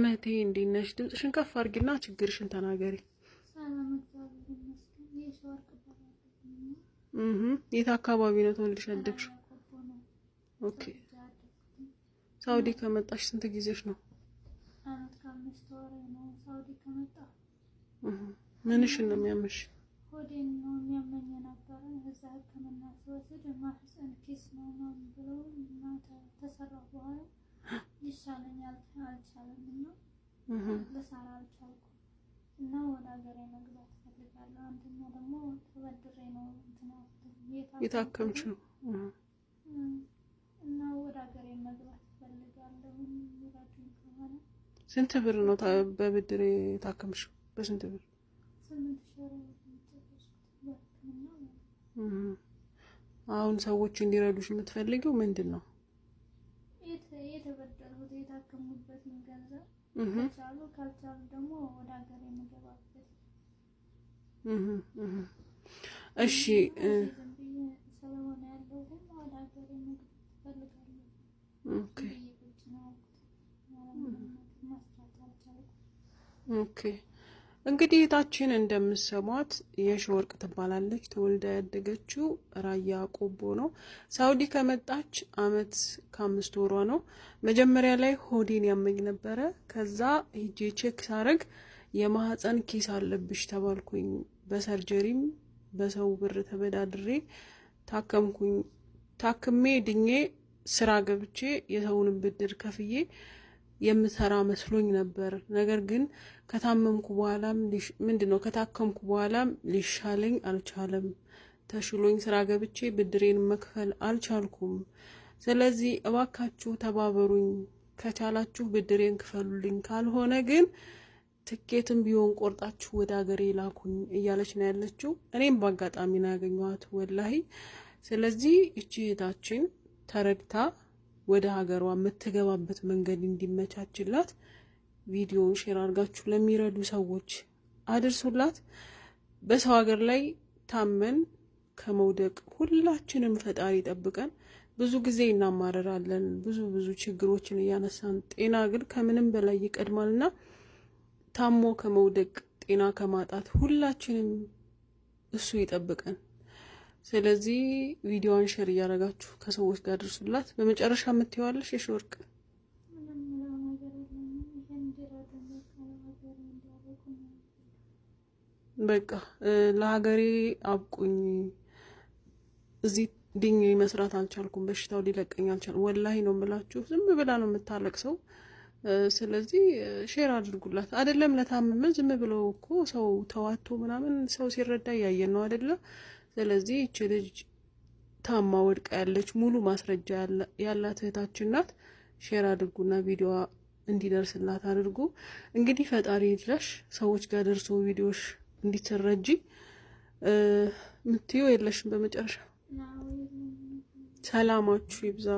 መቴ እንዴት ነሽ? ድምፅሽን ከፍ አድርጊና ችግርሽን ተናገሪ። የት አካባቢ ነው ተወልደሽ ያደግሽው? ኦኬ ሳውዲ ከመጣሽ ስንት ጊዜሽ ነው? ምንሽን ነው የሚያመሽ? ሆዴን ነው የሚያመኝ ነበረ። እዛ ሕክምና ስወስድ ማህፀን ኪስ ነው ብለው ይሻለኛል አልቻለኝም ነው ልሰራ አልቻልኩም እና ወደ ሀገሬ መግባት እፈልጋለሁ። አንደኛ ደግሞ ተበድሬ ነው የታከምች ነው እና ወደ ሀገሬ መግባት እፈልጋለሁ። ይረዱኝ ከሆነ ስንት ብር ነው በብድሬ የታከምሽው? በስንት ብር? አሁን ሰዎች እንዲረዱሽ የምትፈልገው ምንድን ነው? የታከሙበትን ገንዘብ ከቻሉ ካልቻሉ ደግሞ ወደ ሀገር የሚገባበት እሺ ስለሆነ ያለው ግን ወደ ሀገር ፈልጋለሁ። ኦኬ ኦኬ እንግዲህ እህታችን እንደምሰሟት ወርቅ ትባላለች። ተወልዳ ያደገችው ራያ ቆቦ ነው። ሳውዲ ከመጣች አመት ከአምስት ወሯ ነው። መጀመሪያ ላይ ሆዴን ያመኝ ነበረ። ከዛ ሂጄ ቼክ ሳረግ የማህፀን ኪስ አለብሽ ተባልኩኝ። በሰርጀሪም በሰው ብር ተበዳድሬ ታከምኩኝ። ታክሜ ድኜ ስራ ገብቼ የሰውንም ብድር ከፍዬ የምሰራ መስሎኝ ነበር። ነገር ግን ከታመምኩ በኋላም ምንድን ነው ከታከምኩ በኋላም ሊሻለኝ አልቻለም። ተሽሎኝ ስራ ገብቼ ብድሬን መክፈል አልቻልኩም። ስለዚህ እባካችሁ ተባበሩኝ፣ ከቻላችሁ ብድሬን ክፈሉልኝ፣ ካልሆነ ግን ትኬትም ቢሆን ቆርጣችሁ ወደ ሀገሬ ላኩኝ እያለች ነው ያለችው። እኔም በአጋጣሚ ነው ያገኘኋት ወላሂ። ስለዚህ እቺ እህታችን ተረድታ ወደ ሀገሯ የምትገባበት መንገድ እንዲመቻችላት ቪዲዮውን ሼር አድርጋችሁ ለሚረዱ ሰዎች አድርሱላት። በሰው ሀገር ላይ ታመን ከመውደቅ ሁላችንም ፈጣሪ ጠብቀን። ብዙ ጊዜ እናማረራለን፣ ብዙ ብዙ ችግሮችን እያነሳን፣ ጤና ግን ከምንም በላይ ይቀድማል እና ታሞ ከመውደቅ ጤና ከማጣት ሁላችንም እሱ ይጠብቀን። ስለዚህ ቪዲዮዋን ሼር እያደረጋችሁ ከሰዎች ጋር ደርሱላት። በመጨረሻ የምትይዋለሽ ወርቅ በቃ ለሀገሬ አብቁኝ፣ እዚህ ድኜ መስራት አልቻልኩም፣ በሽታው ሊለቀኝ አልቻልኩም። ወላሂ ነው የምላችሁ፣ ዝም ብላ ነው የምታለቅ ሰው ስለዚህ ሼር አድርጉላት። አይደለም ለታመመ ዝም ብለው እኮ ሰው ተዋቶ ምናምን ሰው ሲረዳ እያየን ነው አይደለም ስለዚህ ይቺ ልጅ ታማ ወድቃ ያለች ሙሉ ማስረጃ ያላት እህታችን ናት። ሼር አድርጉና ቪዲዮዋ እንዲደርስላት አድርጉ። እንግዲህ ፈጣሪ ይድረሽ፣ ሰዎች ጋር ደርሶ ቪዲዮሽ እንዲተረጂ ምትዩ የለሽም። በመጨረሻ ሰላማችሁ ይብዛ።